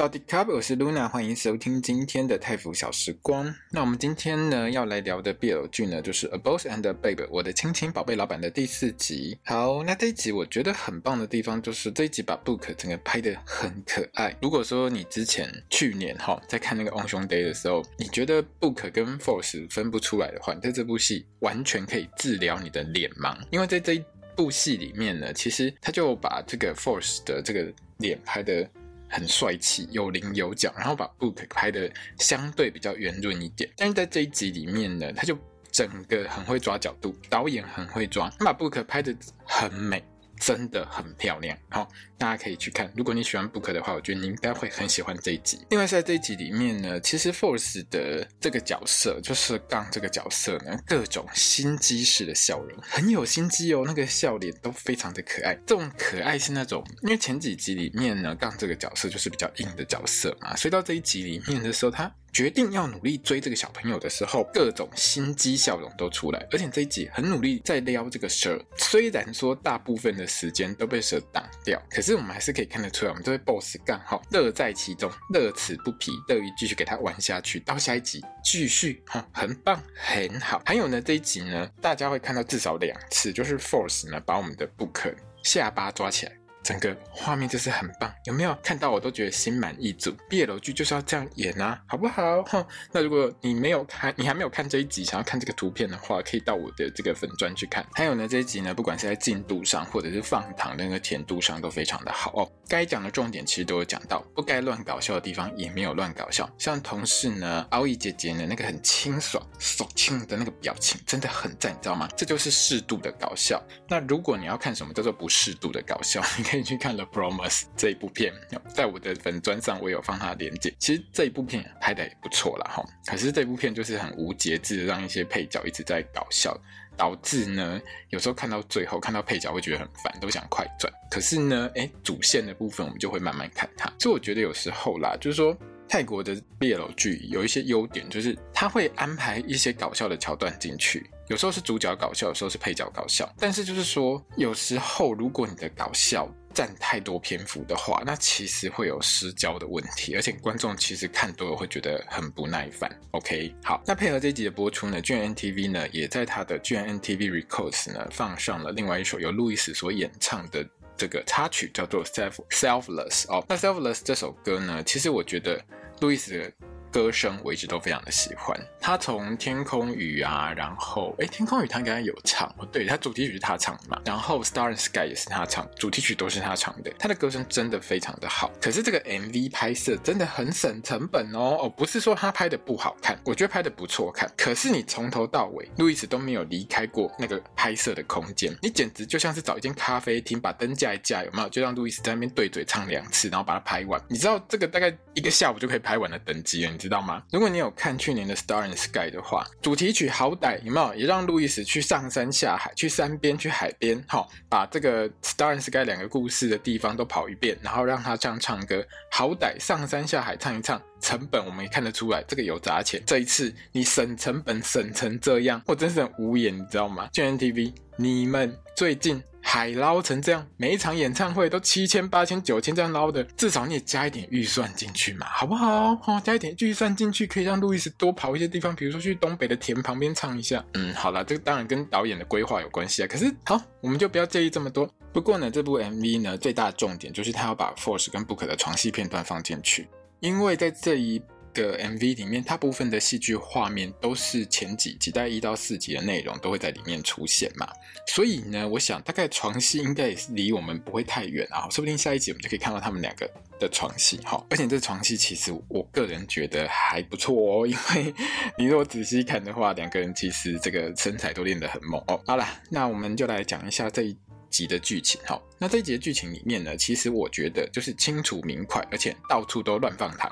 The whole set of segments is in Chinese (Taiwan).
早滴咖，我是 Luna，歡迎收聽今天的泰腐小時光。那我們今天呢，要來聊的 BL 劇呢，就是《A Boss and a Babe 我的親親寶貝老闆》的第四集。好，那這一集我覺得很棒的地方就是，這一集把 Book 整個拍得很可愛。如果說你之前去年哈在看那個 Enchanté 的時候，你覺得 Book 跟 Force 分不出來的話，你在這部戲完全可以治療你的臉盲，因為在這部戲裡面呢，其實他就把這個 Force 的這個臉拍得，很帥氣，有稜有角，然後把 Book 拍得相對比較圓潤一點。但是在這一集裡面呢，他就整個很會抓角度，導演很會抓，他把 Book 拍得很美。真的很漂亮，好、哦，大家可以去看。如果你喜歡 Book 的話，我覺得你應該會很喜歡這一集。另外，在這一集裡面呢，其實 Force 的這個角色就是槓這個角色呢，各種心機式的笑容，很有心機哦。那個笑臉都非常的可愛，這種可愛是那種，因為前幾集裡面呢，槓這個角色就是比較硬的角色嘛，所以到這一集裡面的時候，他。決定要努力追這個小朋友的時候，各種心機笑容都出來，而且這一集很努力在撩這個蛇。雖然說大部分的時間都被蛇擋掉，可是我們還是可以看得出來，我們這位 boss 幹好，樂在其中，樂此不疲，樂於繼續給他玩下去。到下一集繼續哈，很棒，很好。還有呢，這一集呢，大家會看到至少兩次，就是 force 呢把我們的 Book 下巴抓起來。整個畫面就是很棒，有沒有看到我都覺得心滿意足。BL 劇，就是要這樣演啊，好不好？哼。那如果你沒有看，你還沒有看這一集，想要看這個圖片的話，可以到我的這個粉專去看。還有呢，這一集呢，不管是在進度上，或者是放糖的那個甜度上，都非常的好哦。該講的重點其實都有講到，不該亂搞笑的地方也沒有亂搞笑。像同事呢，奧義姐姐呢，那個很清爽、爽清的那個表情，真的很讚，你知道嗎？這就是適度的搞笑。那如果你要看什麼叫做、就是、不適度的搞笑，你看可以去看《The Promise》這一部片，在我的粉專上我也有放它的連接。其實這一部片拍得也不錯啦，哈。可是這部片就是很無節制的讓一些配角一直在搞笑，導致呢有時候看到最後，看到配角會覺得很煩，都想快轉。可是呢，哎、欸，主線的部分我們就會慢慢看它。所以我覺得有時候啦，就是說泰國的 BL 劇有一些優點，就是他會安排一些搞笑的橋段進去，有時候是主角搞笑，有時候是配角搞笑。但是就是說，有時候如果你的搞笑佔太多篇幅的話，那其實會有失焦的問題，而且觀眾其實看多了會覺得很不耐煩。OK，好，那配合這集的播出呢，GMMTV 呢也在它的 GMMTV Records 呢放上了另外一首由路易斯所演唱的這個插曲，叫做《Self Selfless》哦。那《Selfless》這首歌呢，其實我覺得路易斯。歌聲我一直都非常的喜歡，他從天空雨啊，然後哎天空雨他剛才有唱哦，對，他主題曲是他唱的嘛，然後 Star and Sky 也是他唱，主題曲都是他唱的，他的歌聲真的非常的好，可是這個 MV 拍攝真的很省成本哦哦，不是說他拍的不好看，我覺得拍的不錯看，可是你從頭到尾路易斯都沒有離開過那個拍攝的空間，你簡直就像是找一間咖啡廳把燈架一架，有沒有？就讓路易斯在那邊對嘴唱兩次，然後把它拍完，你知道這個大概一個下午就可以拍完的等級知道嗎？如果你有看去年的《Star and Sky》的話，主題曲好歹有沒有也讓路易斯去上山下海，去山邊去海邊，好、哦、把這個《Star and Sky》兩個故事的地方都跑一遍，然後讓他這樣唱歌，好歹上山下海唱一唱，成本我們也看得出來，這個有砸錢。這一次你省成本省成這樣，我真是很無言，你知道嗎？GMMTV，你們最近。海撈成這樣，每一場演唱會都七千、八千、九千這樣撈的，至少你也加一點預算進去嘛，好不好？哦，加一點預算進去可以讓路易斯多跑一些地方，比如說去東北的田旁邊唱一下。嗯，好啦，這個當然跟導演的規劃有關係啊。可是好，我們就不要介意這麼多。不過呢，這部 MV 呢，最大的重點就是他要把 Force 跟 Book 的床戲片段放進去，因為在這一。的 MV 裡面，大部分的戲劇畫面都是前幾集，大概一到四集的內容都會在裡面出現嘛，所以呢，我想大概床戲應該也是離我們不會太遠啊，說不定下一集我們就可以看到他們兩個的床戲哈。而且這床戲其實我個人覺得還不錯哦，因為你如果仔細看的話，兩個人其實這個身材都練得很猛哦。好啦，那我們就來講一下這一集集的劇情。好，那這一集的劇情裡面呢，其實我覺得就是清楚明快，而且到處都亂放糖，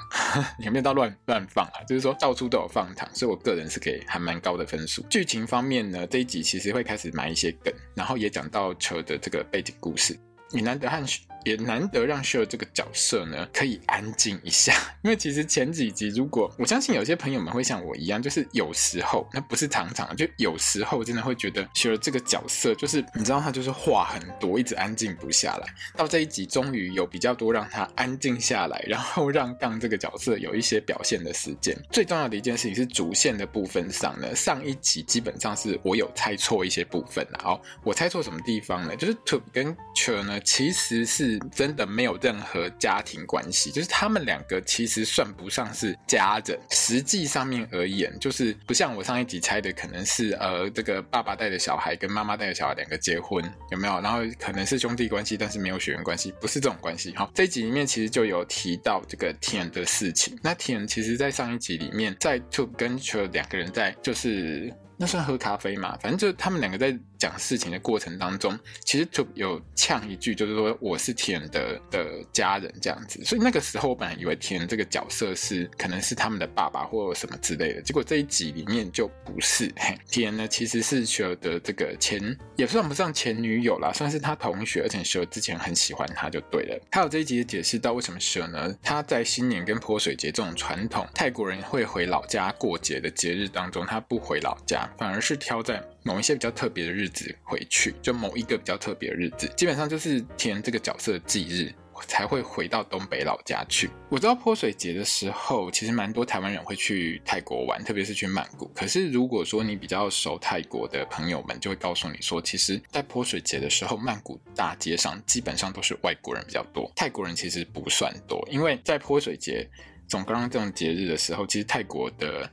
有沒有到亂亂放啊？就是說到處都有放糖，所以我個人是可以還蠻高的分數。劇情方面呢，這一集其實會開始埋一些梗，然後也講到車的這個背景故事。你難的漢也難得讓秀這個角色呢可以安靜一下，因為其實前幾集，如果我相信有些朋友們會像我一樣，就是有時候那不是常常，就有時候真的會覺得秀這個角色就是你知道他就是話很多，一直安靜不下來。到這一集終於有比較多讓他安靜下來，然後讓剛這個角色有一些表現的時間。最重要的一件事情是主線的部分上呢，上一集基本上是我有猜錯一些部分，然後我猜錯什麼地方呢？就是 tube 跟 Chur 呢其實是。真的沒有任何家庭關係，就是他們兩個其實算不上是家人。實際上面而言，就是不像我上一集猜的，可能是呃這個爸爸帶的小孩跟媽媽帶的小孩兩個結婚有沒有？然後可能是兄弟關係，但是沒有血緣關係，不是這種關係哈。這一集裡面其實就有提到這個田的事情。那田其實，在上一集裡面，在就跟秋兩個人在就是那算喝咖啡嘛，反正就他們兩個在。講事情的過程當中，其實就有嗆一句，就是說我是田的的家人這樣子。所以那個時候我本來以為田這個角色是可能是他們的爸爸或什麼之類的，結果這一集裡面就不是。嘿。田呢，其實是雪兒的這個前也算不上前女友啦，算是他同學，而且雪兒之前很喜歡他就對了。還有這一集也解釋到為什麼雪兒呢，他在新年跟潑水節這種傳統泰國人會回老家過節的節日當中，他不回老家，反而是挑在。某一些比較特別的日子回去，就某一個比較特別的日子，基本上就是填這個角色的忌日，我才會回到東北老家去。我知道潑水節的時候，其實蠻多台灣人會去泰國玩，特別是去曼谷。可是如果說你比較熟泰國的朋友們，就會告訴你說，其實，在潑水節的時候，曼谷大街上基本上都是外國人比較多，泰國人其實不算多，因為在潑水節，宋干節這種節日的時候，其實泰國的。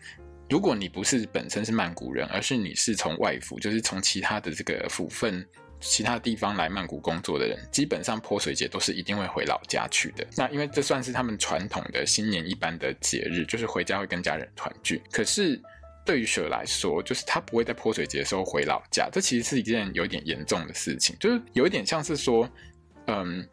如果你不是本身是曼谷人，而是你是從外府，就是從其他的這個府份、其他地方來曼谷工作的人，基本上潑水節都是一定會回老家去的。那因為這算是他們傳統的新年一般的節日，就是回家會跟家人團聚。可是對於雪來說，就是他不會在潑水節的時候回老家，這其實是一件有點嚴重的事情，就是有一點像是說，嗯。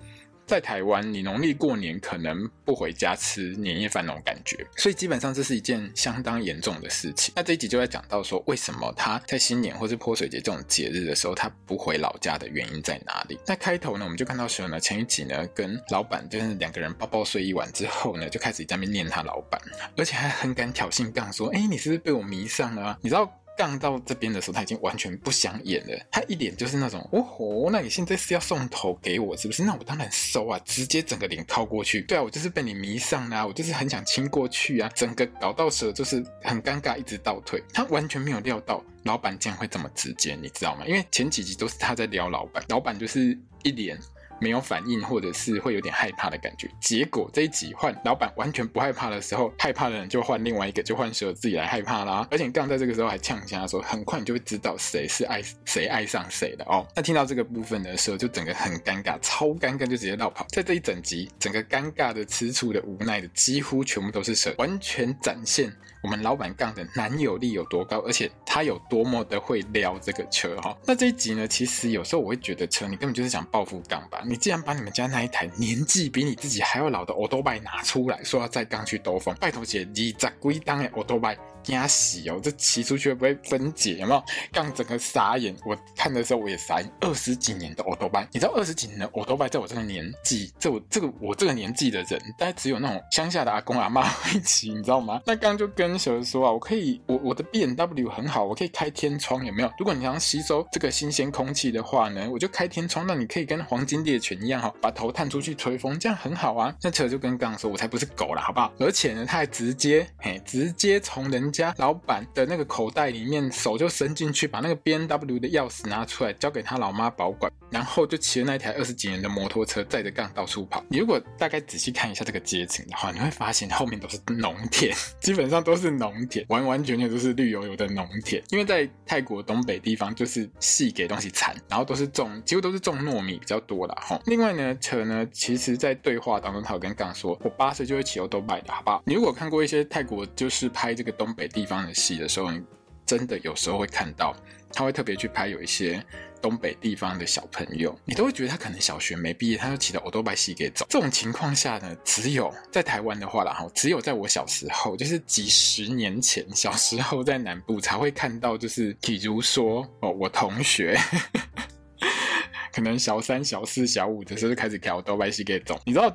在台灣，你農曆過年可能不回家吃年夜飯那種感覺，所以基本上這是一件相當嚴重的事情。那這一集就在講到說，為什麼他在新年或是潑水節這種節日的時候，他不回老家的原因在哪裡？那開頭呢，我們就看到說呢，前一集呢跟老闆就是兩個人抱抱睡一晚之後呢，就開始在那邊念他老闆，而且還很敢挑釁，槓說：“哎、欸，你是不是被我迷上了啊？你知道？”槓到這邊的時候，他已經完全不想演了。他一臉就是那種，哦吼，那你現在是要送頭給我是不是？那我當然收啊，直接整個臉靠過去。對啊，我就是被你迷上啦，啊，我就是很想親過去啊，整個搞到蛇就是很尷尬，一直倒退。他完全沒有料到老闆竟然會這麼直接，你知道嗎？因為前幾集都是他在撩老闆，老闆就是一臉。沒有反應，或者是會有點害怕的感覺。結果這一集換老板完全不害怕的時候，害怕的人就換另外一個，就換蛇自己來害怕啦。而且剛剛在這個時候還嗆聲說，很快你就會知道誰是愛誰愛上誰的哦。那聽到這個部分的時候，就整個很尷尬，超尷尬，就直接落跑。在這一整集，整個尷尬的、吃醋的、無奈的，幾乎全部都是蛇，完全展現我們老闆槓的男友力有多高，而且他有多麼的會撩這個車哈、哦。那這一集呢，其實有時候我會覺得，車你根本就是想報復槓吧？你既然把你們家那一台年紀比你自己還要老的奧托拜拿出來說要再槓去兜風，拜託姐，你在歸槓哎，奧托拜。壓洗哦，這騎出去會不會分解？有沒有？剛整個傻眼，我看的時候我也傻眼。二十幾年的歐多拜，你知道二十幾年的歐多拜在我這個年紀，在我這個我這個年紀的人，大概只有那種鄉下的阿公阿媽會騎，你知道嗎？那剛就跟小車說啊，我可以，我我的 B M W 很好，我可以開天窗，有沒有？如果你想吸收這個新鮮空氣的話呢，我就開天窗，那你可以跟黃金獵犬一樣哈、哦，把頭探出去吹風，這樣很好啊。那車就跟剛說，我才不是狗啦，好不好？而且呢，他還直接嘿，直接從人家老闆的那個口袋裡面，手就伸進去，把那個 BMW 的鑰匙拿出來，交給他老媽保管，然後就騎着那一台二十幾年的摩托車，載着槓到處跑。你如果大概仔細看一下這個街景的話，你會發現後面都是農田，基本上都是農田，完完全全都是綠油油的農田。因為在泰國東北地方，就是細給東西產，然後都是種，幾乎都是種糯米比較多啦。哈，另外呢，車呢，其實，在對話當中，他有跟槓說，我八歲就會騎歐兜拜的，好不好？你如果看過一些泰國，就是拍這個東北。北地方的戲的時候，你真的有時候會看到，他會特別去拍有一些東北地方的小朋友，你都會覺得他可能小學沒畢業，他就騎到歐兜拜戲給走。這種情況下呢，只有在台灣的話，啦，只有在我小時候，就是幾十年前小時候在南部才會看到，就是譬如說哦，我同學 可能小三、小四、小五的時候就開始騎歐兜拜戲給走，你知道？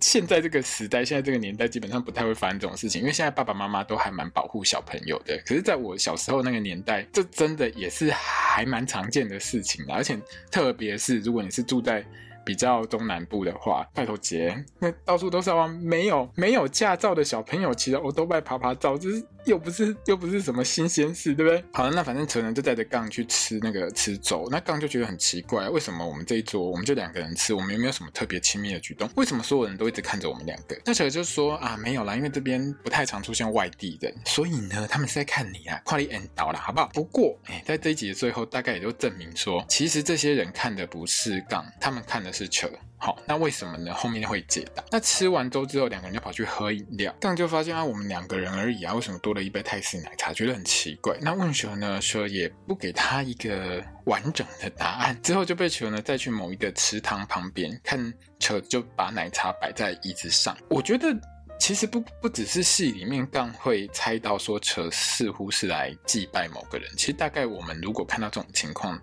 現在這個時代，現在這個年代，基本上不太會發生這種事情，因為現在爸爸媽媽都還蠻保護小朋友的。可是，在我小時候那個年代，這真的也是還蠻常見的事情啦，而且特別是如果你是住在。比較東南部的話，拜託節，那到處都是啊，沒有沒有駕照的小朋友，騎著歐兜拜趴趴走，只是又不是又不是什麼新鮮事，對不對？好了，那反正成人就帶着槓去吃那個吃粥，那槓就覺得很奇怪，為什麼我們這一桌我們就兩個人吃，我們又沒有什麼特別親密的舉動，為什麼所有人都一直看着我們兩個？那誠就說啊，沒有啦，因為這邊不太常出現外地人，所以呢，他們是在看你啊，快點倒到了好不好？不過，欸，在這一集的最後，大概也就證明說，其實這些人看的不是槓，他們看的是。是車，好，那為什麼呢？後面會解答。那吃完粥之後，兩個人就跑去喝飲料，這樣就發現啊，我們兩個人而已啊，為什麼多了一杯泰式奶茶？覺得很奇怪。那問車呢，車也不給他一個完整的答案。之後就被車呢再去某一個池塘旁邊，看車就把奶茶擺在椅子上。我覺得其實不不只是戲裡面剛會猜到說車似乎是來祭拜某個人，其實大概我們如果看到這種情況。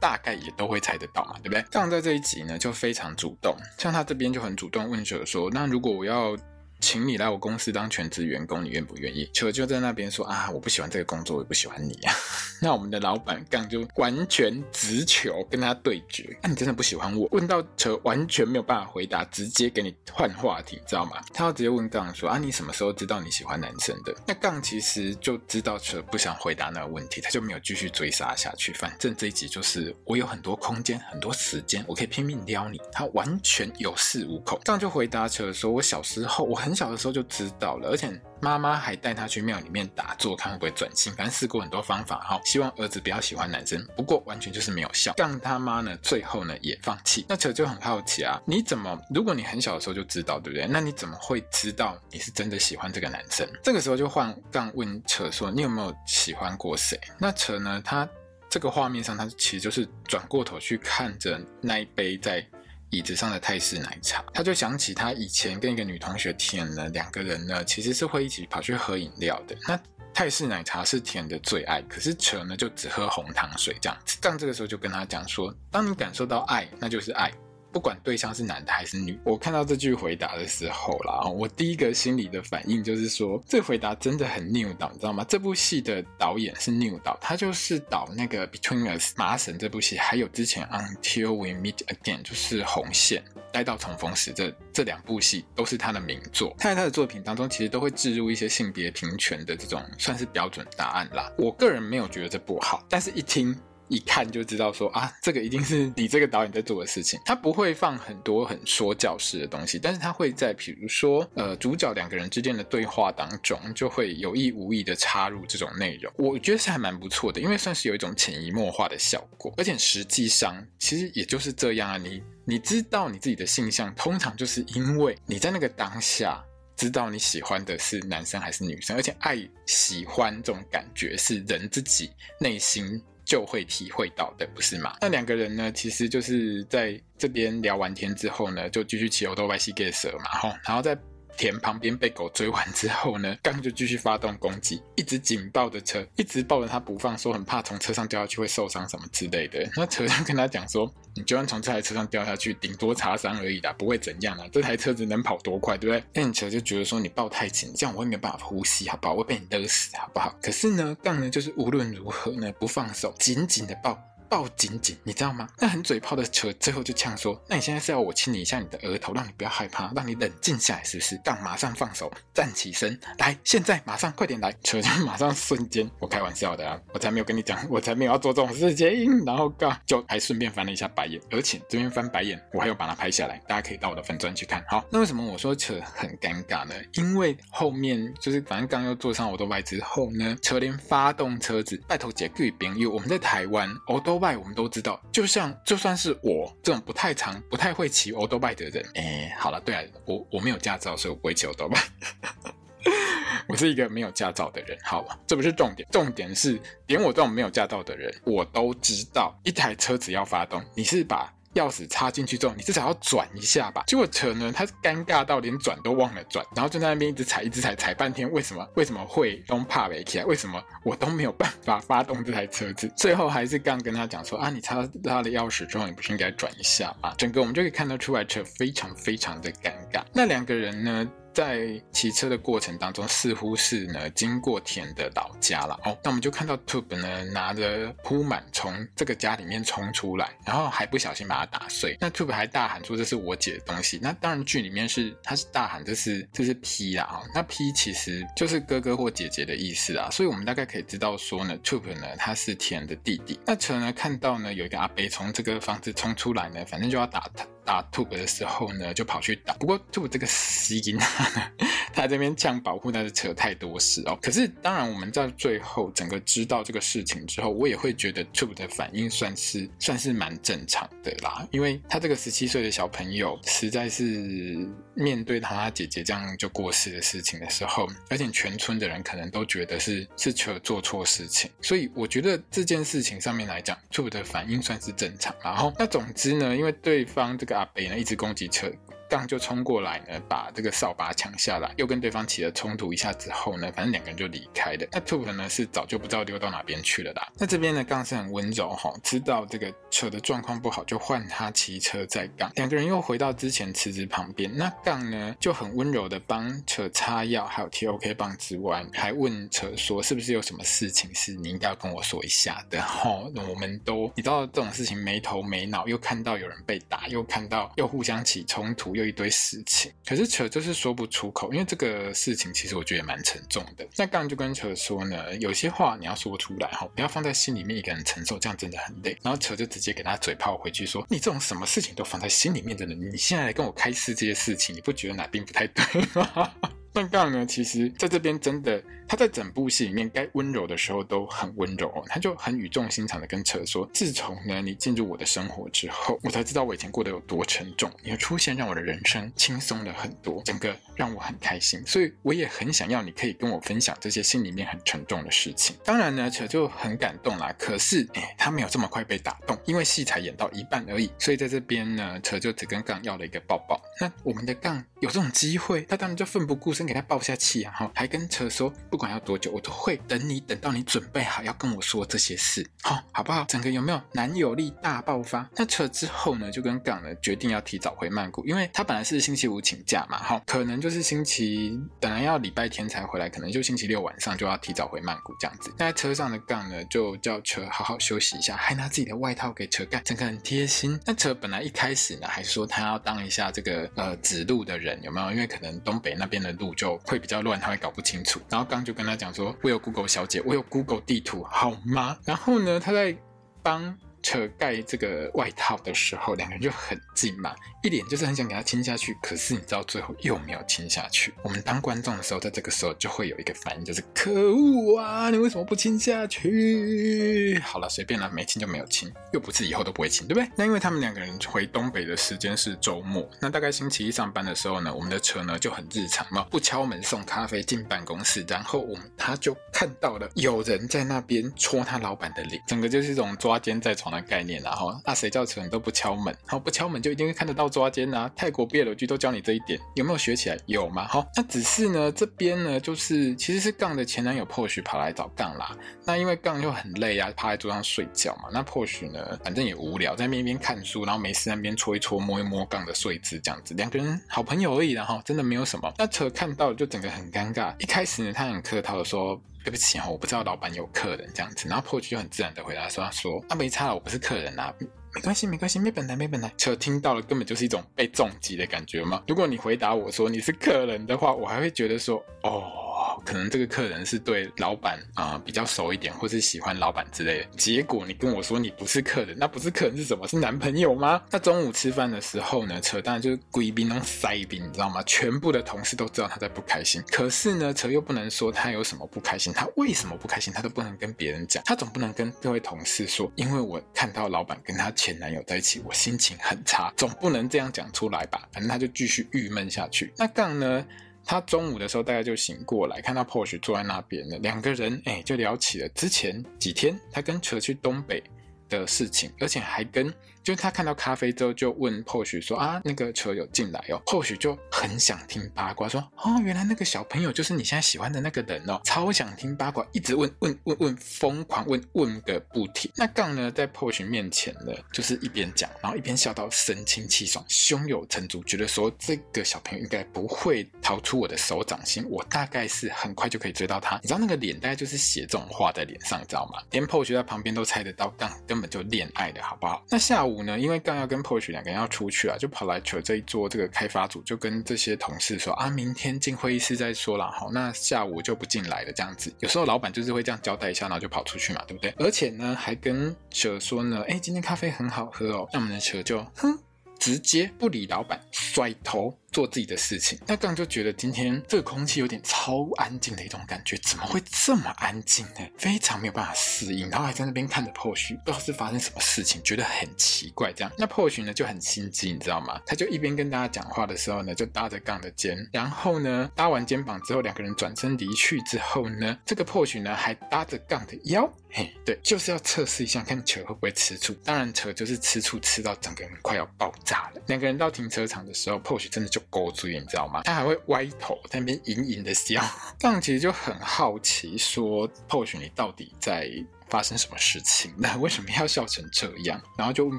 大概也都會猜得到嘛，對不對？這樣在這一集呢，就非常主動，像他這邊就很主動問 Cher 說，那如果我要。請你來我公司當全職員工，你願不願意？扯就在那邊說啊，我不喜歡這個工作，我也不喜歡你啊。 那我們的老板槓就完全直球跟他對決。那、啊、你真的不喜歡我？問到扯完全沒有辦法回答，直接給你換話題，知道嗎？他要直接問槓說啊，你什麼時候知道你喜歡男生的？那槓其實就知道扯不想回答那個問題，他就沒有繼續追殺下去。反正這一集就是我有很多空間，很多時間，我可以拼命撩你。他完全有恃無恐，這樣就回答扯說，我小時候我很。很小的時候就知道了，而且媽媽還帶他去廟裡面打坐，看會不會轉性。反正試過很多方法哈，希望兒子不要喜歡男生。不過完全就是沒有效，槓他媽呢，最後呢也放棄。那扯就很好奇啊，你怎麼？如果你很小的時候就知道，對不對？那你怎麼會知道你是真的喜歡這個男生？這個時候就換槓問扯說，你有沒有喜歡過誰？那扯呢，他這個畫面上，他其實就是轉過頭去看着那一杯在椅子上的泰式奶茶，他就想起他以前跟一個女同學甜了，兩個人呢其實是會一起跑去喝飲料的。那泰式奶茶是甜的最愛，可是扯呢就只喝紅糖水這樣。這樣這個時候就跟他講說：當你感受到愛，那就是愛。不管對象是男的還是女，我看到這句回答的時候啦，我第一個心裡的反應就是說，這回答真的很 New 導，你知道嗎？這部戲的導演是 New 導，他就是導那個 Between Us 麻省這部戲，還有之前 Until We Meet Again 就是紅線待到重逢時，這這兩部戲都是他的名作。他在他的作品當中，其實都會置入一些性別平權的這種算是標準答案啦。我個人沒有覺得這不好，但是一聽。一看就知道說，說啊，這個一定是你這個導演在做的事情。他不會放很多很說教式的東西，但是他會在，比如說，呃，主角兩個人之間的對話當中，就會有意無意的插入這種內容。我覺得是還蠻不錯的，因為算是有一種潛移默化的效果。而且實際上，其實也就是這樣啊。你你知道你自己的性向，通常就是因為你在那個當下知道你喜歡的是男生還是女生，而且愛喜歡這種感覺是人自己內心。就會體會到的，不是嗎？那兩個人呢，其實就是在這邊聊完天之後呢，就繼續騎歐兜拜去蛇嘛，吼，然後在。田旁邊被狗追完之後呢，槓就繼續發動攻擊，一直緊抱着車，一直抱着他不放，說很怕從車上掉下去會受傷什麼之類的。那車就跟他講說：“你就算從這台車上掉下去，頂多擦傷而已啦，不會怎樣啊。這台車子能跑多快，對不對？”那車就覺得說：“你抱太緊，這樣我也沒有辦法呼吸，好不好？會被你勒死，好不好？”可是呢，槓呢就是無論如何呢不放手，緊緊的抱。抱緊緊，你知道嗎？那很嘴炮的車，最後就嗆說：“那你現在是要我親你一下你的額頭，讓你不要害怕，讓你冷靜下來，是不是？剛馬上放手，站起身來，現在馬上快點來！”車就馬上瞬間，我開玩笑的啊，我才沒有跟你講，我才沒有要做這種事情，然後剛就還順便翻了一下白眼，而且這邊翻白眼，我還要把它拍下來，大家可以到我的粉專去看。好，那為什麼我說車很尷尬呢？因為後面就是反正剛又坐上我的外之後呢，車連發動車子，拜托傑克一因為我們在台灣，我都。我們都知道，就像就算是我這種不太常，不太會騎歐兜拜的人，哎，欸，好了，對啊，我我沒有駕照，所以我不會騎歐兜拜， 我是一個沒有駕照的人，好吧，這不是重點，重點是連我這種沒有駕照的人，我都知道，一台車子要發動，你是把。鑰匙插進去之後，你至少要轉一下吧？結果車呢，他是尷尬到連轉都忘了轉，然後就在那邊一直踩，一直踩，踩半天，為什麼？為什麼會都怕沒起來？為什麼我都沒有辦法發動這台車子？最後還是剛跟他講說啊，你插了他的鑰匙之後，你不是應該轉一下嗎？整個我們就可以看得出來，車非常非常的尷尬。那兩個人呢？在騎車的過程當中，似乎是呢經過田的老家了哦。那我們就看到 tube 呢拿着撲滿從這個家裡面衝出來，然後還不小心把它打碎。那 tube 還大喊說這是我姐的東西。那當然劇裡面是他是大喊這是這是 P 啦哦、喔。那 P 其實就是哥哥或姐姐的意思啊。所以我們大概可以知道說呢，tube 呢他是田的弟弟。那車呢，看到呢有一個阿伯從這個房子衝出來呢，反正就要打他。打兔的時候呢，就跑去打。不過兔這個死因， 他在這邊這樣保護，他是扯太多事哦。可是當然，我們在最後整個知道這個事情之後，我也會覺得兔的反應算是算是蠻正常的啦。因為他這個十七歲的小朋友，實在是面對他，他姐姐這樣就過世的事情的時候，而且全村的人可能都覺得是是扯做錯事情，所以我覺得這件事情上面來講，兔的反應算是正常，哦。然後那總之呢，因為對方這個。阿北呢，一直攻擊車。槓就衝過來呢，把這個掃把搶下來，又跟對方起了衝突一下之後呢，反正兩個人就離開了。那兔呢是早就不知道溜到哪邊去了啦。那這邊呢，槓是很溫柔哈，知道這個車的狀況不好，就換他騎車在槓。兩個人又回到之前車子旁邊，那槓呢就很溫柔的幫車擦藥，還有貼 OK 棒之外，還問車說是不是有什麼事情是你應該要跟我說一下的哈。哦、我們都你知道這種事情沒頭沒腦，又看到有人被打，又看到又互相起衝突。有一堆事情，可是扯就是說不出口，因為這個事情其實我覺得蠻沉重的。那剛剛就跟扯說呢，有些話你要說出來哈，不要放在心裡面一個人承受，這樣真的很累。然後扯就直接給他嘴炮回去說：“你這種什麼事情都放在心裡面，真的人，你現在來跟我開撕這些事情，你不覺得哪邊不太對嗎？” 但槓呢？其實在這邊真的，他在整部戲裡面該溫柔的時候都很溫柔哦，他就很語重心長的跟車說：“自從呢你進入我的生活之後，我才知道我以前過得有多沉重。你的出現讓我的人生輕鬆了很多，整個讓我很開心。所以我也很想要你可以跟我分享這些心裡面很沉重的事情。”當然呢，車就很感動啦、啊。可是，哎、欸，他沒有這麼快被打動，因為戲才演到一半而已。所以在這邊呢，車就只跟槓要了一個抱抱。那我們的槓有這種機會，他當然就奮不顧身。先給他爆下氣啊！哈，還跟車說，不管要多久，我都會等你，等到你準備好要跟我說這些事，好、哦，好不好？整個有沒有男友力大爆發？那車之後呢，就跟槓呢決定要提早回曼谷，因為他本來是星期五請假嘛，哈、哦，可能就是星期本來要禮拜天才回來，可能就星期六晚上就要提早回曼谷這樣子。那在車上的槓呢，就叫車好好休息一下，還拿自己的外套給車蓋，整個很貼心。那車本來一開始呢，還說他要當一下這個呃指路的人，有沒有？因為可能東北那邊的路就會比較亂，他會搞不清楚。然後剛就跟他講說，我有 Google 小姐，我有 Google 地圖，好嗎？然後呢，他在幫。扯蓋這個外套的時候，兩個人就很近嘛，一臉就是很想給他親下去，可是你知道最後又沒有親下去。我們當觀眾的時候，在這個時候就會有一個反應，就是可惡啊，你為什麼不親下去？好了，隨便啦，沒親就沒有親，又不是以後都不會親，對不對？那因為他們兩個人回東北的時間是周末，那大概星期一上班的時候呢，我們的車呢就很日常嘛，不敲門送咖啡進辦公室，然後我們他就看到了有人在那邊戳他老板的臉，整個就是一種抓奸在床。的概念啦，啊，哈，那誰叫扯人都不敲門，好，不敲門就一定會看得到抓奸啊。泰國 BL 劇都教你這一點，有沒有學起來？有嗎？好，那只是呢，這邊呢，就是其實是槓的前男友 Posh 跑來找槓啦。那因為槓就很累啊，趴在桌上睡覺嘛。那 Posh 呢，反正也無聊，在那邊看書，然後沒事那邊搓一搓，摸一摸槓的睡姿，這樣子，兩個人好朋友而已，啊，然後真的沒有什麼。那扯看到就整個很尷尬。一開始呢，他很客套的說。對不起、哦、我不知道老闆有客人這樣子，然後破局就很自然的回答說：“他說，那、啊、沒差了，我不是客人吶、啊，沒關係，沒關係，沒本來，沒本來。”車聽到了，根本就是一種被重擊的感覺嘛。如果你回答我說你是客人的話，我還會覺得說，哦。可能這個客人是對老闆啊、呃、比較熟一點，或是喜歡老闆之類的。結果你跟我說你不是客人，那不是客人是什麼？是男朋友嗎？那中午吃飯的時候呢，扯淡就是貴賓弄塞賓，你知道嗎？全部的同事都知道他在不開心，可是呢，扯又不能說他有什麼不開心，他為什麼不開心？他都不能跟別人講，他總不能跟各位同事說，因為我看到老闆跟他前男友在一起，我心情很差，總不能這樣講出來吧？反正他就繼續鬱悶下去。那槓呢？他中午的時候，大概就醒過來，看到 Porsche 坐在那邊了。兩個人哎、欸，就聊起了之前幾天他跟車去東北的事情，而且還跟。就他看到咖啡之後，就問 Posh 說啊，那個車有進來哦。Posh 就很想聽八卦說，說哦，原來那個小朋友就是你現在喜歡的那個人哦，超想聽八卦，一直問問問問，瘋狂問問個不停。那槓呢，在 Posh 面前呢，就是一邊講，然後一邊笑到神清氣爽、胸有成竹，覺得說這個小朋友應該不會逃出我的手掌心，我大概是很快就可以追到他。你知道那個臉，大概就是寫這種話在臉上，知道嗎？連 Posh 在旁邊都猜得到，槓根本就戀愛的好不好？那下午。五呢，因為剛，剛要跟 Porsche 兩個人要出去啊，就跑來 Cher 這一桌這個開發組，就跟這些同事說啊，明天進會議室再說啦。好，那下午就不進來了這樣子。有時候老板就是會這樣交代一下，然後就跑出去嘛，對不對？而且呢，還跟 Cher 說呢，哎，今天咖啡很好喝哦。那我們的 Cher 就哼，直接不理老板，甩頭。做自己的事情，那槓就覺得今天這個空氣有點超安靜的一種感覺，怎麼會這麼安靜呢？非常沒有辦法適應，然後還在那邊看着破許，不知道是發生什麼事情，覺得很奇怪這樣。那破許呢就很心機，你知道嗎？他就一邊跟大家講話的時候呢，就搭着槓的肩，然後呢搭完肩膀之後，兩個人轉身離去之後呢，這個破許呢還搭着槓的腰，嘿，對，就是要測試一下看扯會不會吃醋。當然，扯就是吃醋吃到整個人快要爆炸了。兩個人到停車場的時候，破許真的就。勾嘴，你知道嗎？他還會歪頭，在那邊隱隱的笑。 槓其實就很好奇說，說 Post 你到底在發生什麼事情？那為什麼要笑成這樣？然後就問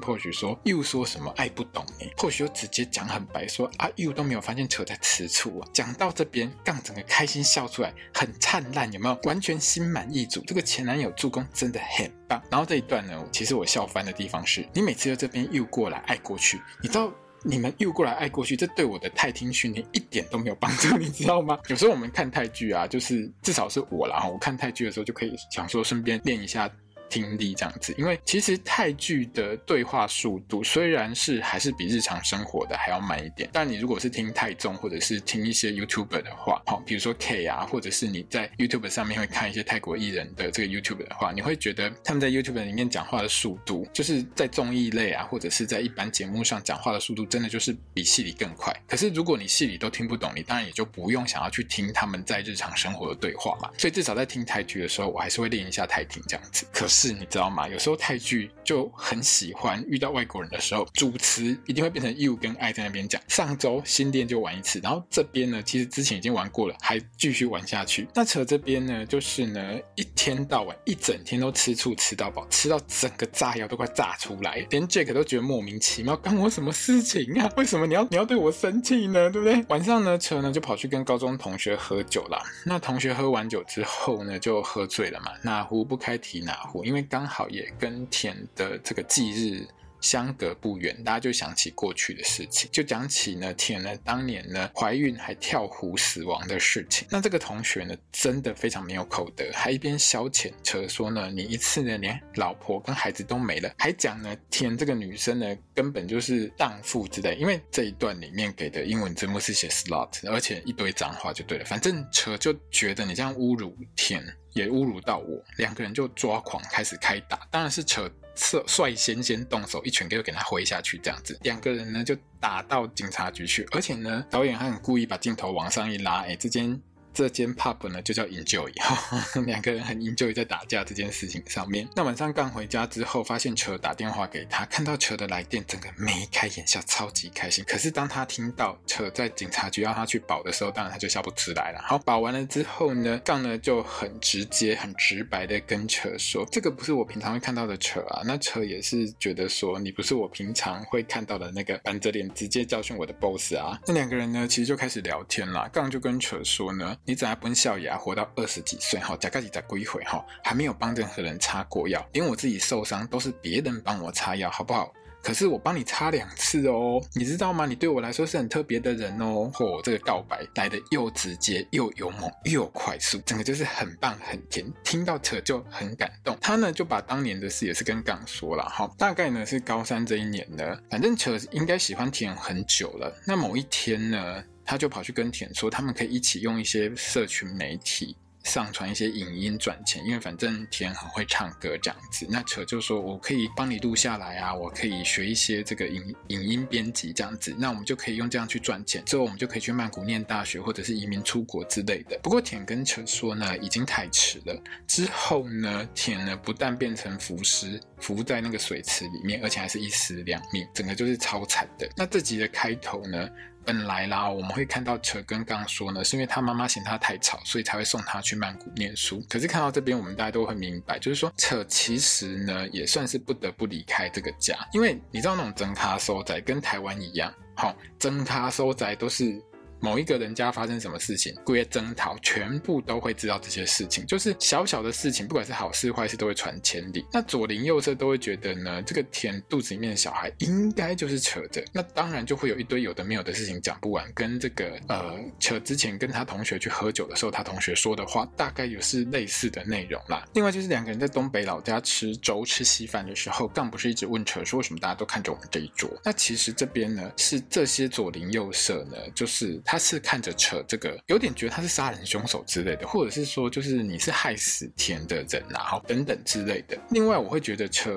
Post 說：“又說什麼愛不懂你？”你 Post 又直接講很白說：“啊，又都沒有發現錯在吃醋啊。”講到這邊，槓整個開心笑出來，很燦爛，有沒有？完全心滿意足。這個前男友助攻真的很棒。然後這一段呢，其實我笑翻的地方是你每次在這邊又過來愛過去，你到。你們又過來愛過去，這對我的泰聽訓練一點都沒有幫助，你知道嗎？有時候我們看泰劇啊，就是至少是我啦，我看泰劇的時候就可以想說，順便練一下。聽力這樣子，因為其實泰劇的對話速度雖然是還是比日常生活的還要慢一點，但你如果是聽泰綜或者是聽一些 YouTuber 的話，好、哦，比如說 K 啊，或者是你在 YouTube 上面會看一些泰國藝人的這個 YouTube 的話，你會覺得他們在 YouTube 裡面講話的速度，就是在綜藝類啊，或者是在一般節目上講話的速度，真的就是比戲裡更快。可是如果你戲裡都聽不懂，你當然也就不用想要去聽他們在日常生活的對話嘛。所以至少在聽泰劇的時候，我還是會練一下泰聽這樣子。可是。是，你知道嗎？有時候泰劇就很喜歡遇到外國人的時候，主持一定會變成 You 跟 I 在那邊講。上周新店就玩一次，然後這邊呢，其實之前已經玩過了，還繼續玩下去。那車這邊呢，就是呢，一天到晚一整天都吃醋，吃到飽，吃到整個炸藥都快炸出來，連 Jack 都覺得莫名其妙，幹我什麼事情啊？為什麼你要你要對我生氣呢？對不對？晚上呢，車呢就跑去跟高中同學喝酒了。那同學喝完酒之後呢，就喝醉了嘛。哪壺不開提哪壺，因為。因為剛好也跟甜的這個忌日。相隔不遠，大家就想起過去的事情，就講起呢田呢當年呢懷孕還跳湖死亡的事情。那這個同學呢真的非常沒有口德，還一邊消遣車說呢你一次呢連老婆跟孩子都沒了，還講呢田這個女生呢根本就是蕩婦之類。因為這一段裡面給的英文字幕是寫 slut，而且一堆髒話就對了。反正車就覺得你這樣侮辱田，也侮辱到我，兩個人就抓狂開始開打，當然是車。帥率先先動手一拳給就給他揮下去，這樣子兩個人呢就打到警察局去，而且呢導演還很故意把鏡頭往上一拉，哎之間。這間 pub 呢就叫 enjoy，呵呵，兩個人很 enjoy 在打架這件事情上面。那晚上槓回家之後，發現車打電話給他，看到車的來電，整個眉開眼笑，超級開心。可是當他聽到車在警察局要他去保的時候，當然他就笑不出來了。好，保完了之後呢，槓呢就很直接、很直白地跟車說：“這個不是我平常會看到的車啊。”那車也是覺得說：“你不是我平常會看到的那個板着臉直接教訓我的 boss 啊。”那兩個人呢，其實就開始聊天啦。槓就跟車說呢。你只要不笑牙、啊，活到二十幾歲哈，假開始再後悔哈，還沒有幫任何人擦過藥，連我自己受傷都是別人幫我擦藥，好不好？可是我幫你擦兩次哦，你知道嗎？你對我來說是很特別的人哦。嚯、哦，這個告白來得又直接又勇猛又快速，整個就是很棒很甜，聽到扯就很感動。他呢就把當年的事也是跟剛說了哈，大概呢是高三這一年呢，反正扯應該喜歡甜很久了，那某一天呢？他就跑去跟田說，他們可以一起用一些社群媒體上傳一些影音賺錢，因為反正田很會唱歌這樣子。那車就說，我可以幫你錄下來啊，我可以學一些這個影影音編輯這樣子，那我們就可以用這樣去賺錢，之後我們就可以去曼谷念大學或者是移民出國之類的。不過田跟車說呢，已經太遲了。之後呢，田呢不但變成浮屍浮在那個水池裡面，而且還是一屍兩命，整個就是超慘的。那這集的開頭呢？本來啦，我們會看到扯跟剛剛說呢，是因為他媽媽嫌他太吵，所以才會送他去曼谷念書。可是看到這邊，我們大家都很明白，就是說扯其實呢，也算是不得不離開這個家，因為你知道那種莊腳所在，跟台灣一樣，齁，莊腳所在都是。某一個人家發生什麼事情，規莊頭，全部都會知道這些事情，就是小小的事情，不管是好事壞事，都會傳千里。那左鄰右舍都會覺得呢，這個甜肚子裡面的小孩應該就是扯着。那當然就會有一堆有的沒有的事情講不完，跟這個呃扯之前跟他同學去喝酒的時候，他同學說的話大概也是類似的內容啦。另外就是兩個人在東北老家吃粥吃稀飯的時候，干不是一直問扯說為什麼大家都看着我們這一桌？那其實這邊呢是這些左鄰右舍呢，就是。他是看着車，這個有點覺得他是殺人兇手之類的，或者是說就是你是害死田的人啊，然後等等之類的。另外，我會覺得車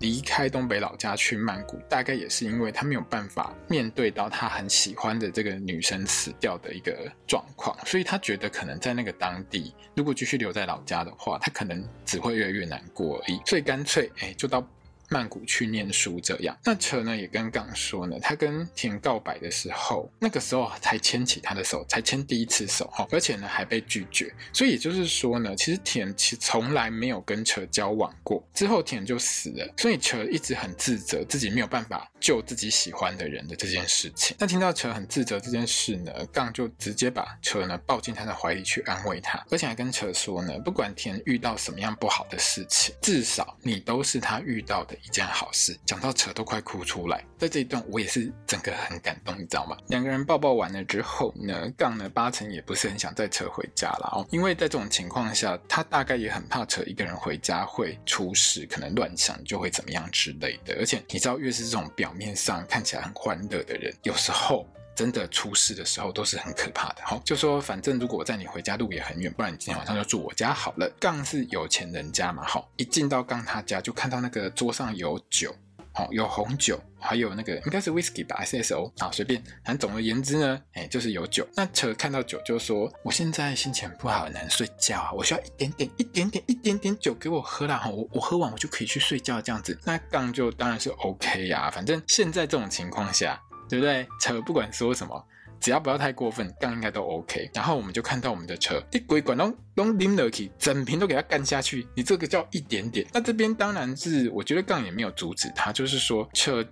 離開東北老家去曼谷，大概也是因為他沒有辦法面對到他很喜歡的這個女生死掉的一個狀況，所以他覺得可能在那個當地，如果繼續留在老家的話，他可能只會越來越難過而已。所以乾脆，哎，就到。曼谷去念書這樣。那車呢也跟槓說呢，他跟田告白的時候，那個時候才牽起他的手，才牽第一次手哈，而且呢還被拒絕，所以也就是說呢，其實田其實從來沒有跟車交往過。之後田就死了，所以車一直很自責自己沒有辦法救自己喜歡的人的這件事情。那聽到車很自責這件事呢，槓就直接把車呢抱進他的懷裡去安慰他，而且還跟車說呢，不管田遇到什麼樣不好的事情，至少你都是他遇到的一件好事，講到扯都快哭出來。在這一段，我也是整個很感動，你知道嗎？兩個人抱抱完了之後呢，槓呢八成也不是很想再扯回家了哦，因為在這種情況下，他大概也很怕扯一個人回家會出事，可能亂想就會怎麼樣之類的。而且你知道，越是這種表面上看起來很歡樂的人，有時候。真的出事的時候都是很可怕的，好，就說反正如果我在你回家路也很遠，不然你今天晚上就住我家好了。槓是有錢人家嘛，好，一進到槓他家就看到那個桌上有酒，好，有紅酒，還有那個應該是 whisky 吧，S S O 啊，隨便。但總而言之呢，哎、欸，就是有酒。那扯看到酒就說，我現在心情不好，很難睡覺啊，我需要一點點、一點點、一點點酒給我喝啦，我我喝完我就可以去睡覺這樣子。那槓就當然是 O K 呀，反正現在這種情況下。對不對？車不管說什麼，只要不要太過分，槓應該都 OK。然後我們就看到我們的車，你鬼管東東，lim l 整瓶都給它乾下去，你這個叫一點點。那這邊當然是，我覺得槓也沒有阻止他，它就是說車。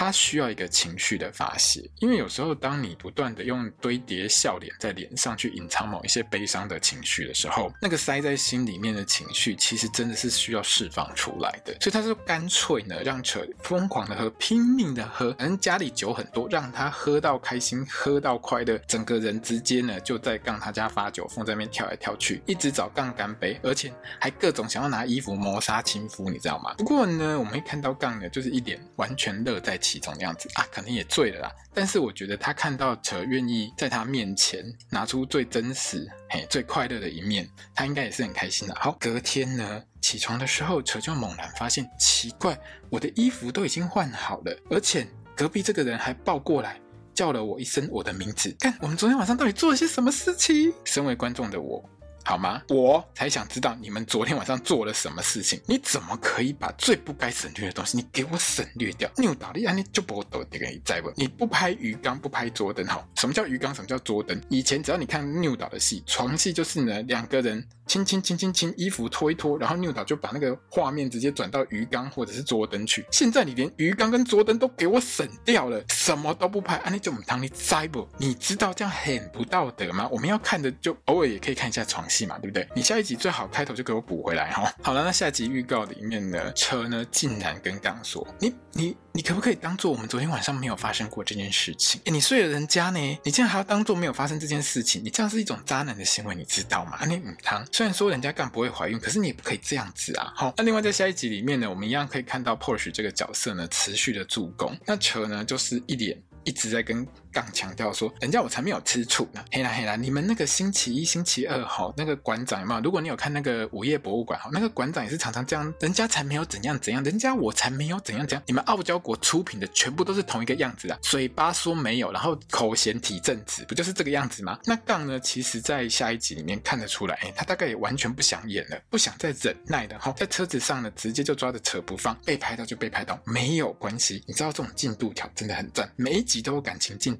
他需要一個情緒的發洩，因為有時候當你不斷的用堆疊笑臉在臉上去隱藏某一些悲傷的情緒的時候，那個塞在心裡面的情緒其實真的是需要釋放出來的。所以他就乾脆呢，讓扯瘋狂的喝，拼命的喝，反正家裡酒很多，讓他喝到開心，喝到快樂，整個人直接呢就在槓他家發酒瘋，放在那邊跳來跳去，一直找槓乾杯，而且還各種想要拿衣服謀殺親夫，你知道嗎？不過呢，我們會看到槓呢，就是一臉完全樂在。其中的樣子啊，肯定也醉了啦。但是我覺得他看到扯願意在他面前拿出最真實、嘿最快樂的一面，他應該也是很開心的。好，隔天呢，起床的時候，扯就猛然發現奇怪，我的衣服都已經換好了，而且隔壁這個人還抱過來叫了我一聲我的名字。看，我們昨天晚上到底做了些什麼事情？身為觀眾的我。好嗎？我才想知道你們昨天晚上做了什麼事情。你怎麼可以把最不該省略的東西你給我省略掉？New 導你按呢就無道德，知無，你可以你不拍魚缸，不拍桌燈，好？什麼叫魚缸？什麼叫桌燈？以前只要你看 New 導的戲，床戲就是呢，兩個人親親親親，親，親衣服脫一脫，然後 New 導就把那個畫面直接轉到魚缸或者是桌燈去。現在你連魚缸跟桌燈都給我省掉了，什麼都不拍，按呢就無道德，知無？你知道這樣很不道德嗎？我們要看的就偶爾也可以看一下床戲。嘛，對不對？你下一集最好開頭就給我補回來哈、哦。好了，那下一集預告裡面呢，車呢竟然跟剛說，你你你可不可以當作我們昨天晚上沒有發生過這件事情誒？你睡了人家呢，你竟然還要當作沒有發生這件事情，你這樣是一種渣男的行為，你知道嗎？啊、你米湯，雖然說人家剛不會懷孕，可是你也不可以這樣子啊。好、哦，那另外在下一集裡面呢，我們一樣可以看到 Porsche 這個角色呢持續的助攻，那車呢就是一臉一直在跟。槓強調說，人家我才沒有吃醋呢。嘿啦嘿啦，你們那個星期一、星期二哈，那個館長有沒有？如果你有看那個午夜博物館哈，那個館長也是常常這樣，人家才沒有怎樣怎樣，人家我才沒有怎樣怎樣。你們傲嬌國出品的全部都是同一個樣子啊，嘴巴說沒有，然後口嫌體正直，不就是這個樣子嗎？那槓呢，其實在下一集裡面看得出來，哎、欸，他大概也完全不想演了，不想再忍耐了哈，在車子上呢，直接就抓着扯不放，被拍到就被拍到，沒有關係，你知道這種進度條真的很讚，每一集都有感情進度。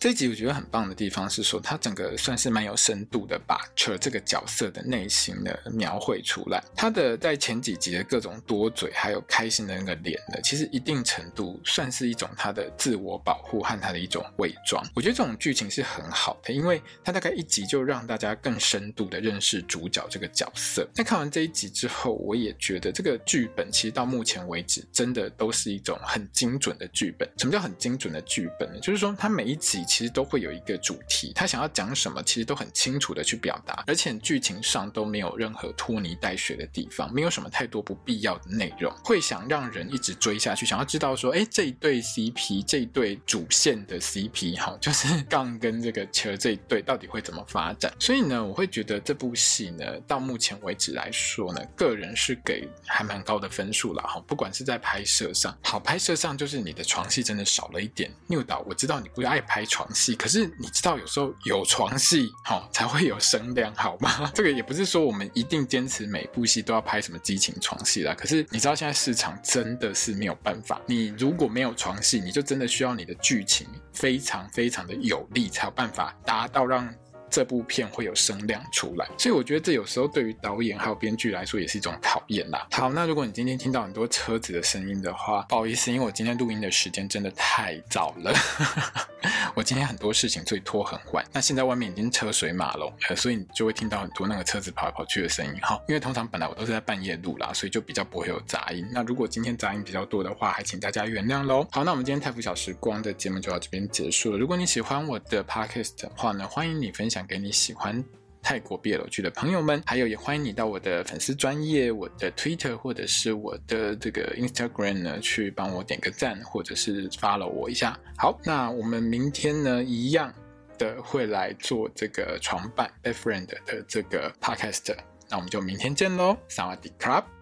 這一集我覺得很棒的地方是說，他整個算是蠻有深度的，把 Cher 這個角色的內心的描繪出來。他的在前幾集的各種多嘴，還有開心的那個臉呢，其實一定程度算是一種他的自我保護和他的一種偽裝。我覺得這種劇情是很好的，因為他大概一集就讓大家更深度的認識主角這個角色。在看完這一集之後，我也覺得這個劇本其實到目前為止真的都是一種很精準的劇本。什麼叫很精準的劇本呢？就是說他每一集戲其實都會有一個主題，他想要講什麼其實都很清楚的去表達，而且劇情上都沒有任何拖泥帶水的地方，沒有什麼太多不必要的內容，會想讓人一直追下去，想要知道說，哎，這一對 CP，這一對主線的 CP 哈、哦，就是槓跟這個車這一對到底會怎麼發展？所以呢，我會覺得這部戲呢，到目前為止來說呢，個人是給還蠻高的分數了哈、哦，不管是在拍攝上，好拍攝上就是你的床戲真的少了一點，New 導，我知道你不愛拍。拍床戲，可是你知道有時候有床戲好才會有聲量，好嗎？這個也不是說我們一定堅持每部戲都要拍什麼激情床戲啦。可是你知道現在市場真的是沒有辦法，你如果沒有床戲，你就真的需要你的劇情非常非常的有力，才有辦法達到讓這部片會有聲量出來，所以我覺得這有時候對於導演還有編劇來說也是一種考驗啦。好，那如果你今天聽到很多車子的聲音的話，不好意思，因為我今天錄音的時間真的太早了， 我今天很多事情所以拖很晚。那現在外面已經車水馬龍，所以你就會聽到很多那個車子跑來跑去的聲音。哈。因為通常本來我都是在半夜錄啦，所以就比較不會有雜音。那如果今天雜音比較多的話，還請大家原諒嘍。好，那我們今天《泰腐小時光》的節目就到這邊結束了。如果你喜歡我的 podcast 的話呢，歡迎你分享。想給你喜歡泰國憋樓區的朋友們，還有也歡迎你到我的粉絲專業、我的 Twitter 或者是我的這個 Instagram 呢，去幫我點個讚，或者是 o 了我一下。好，那我們明天呢一樣的會來做這個床伴 BFriend 的這個 Podcast，那我們就明天見嘍 s a w a d Club。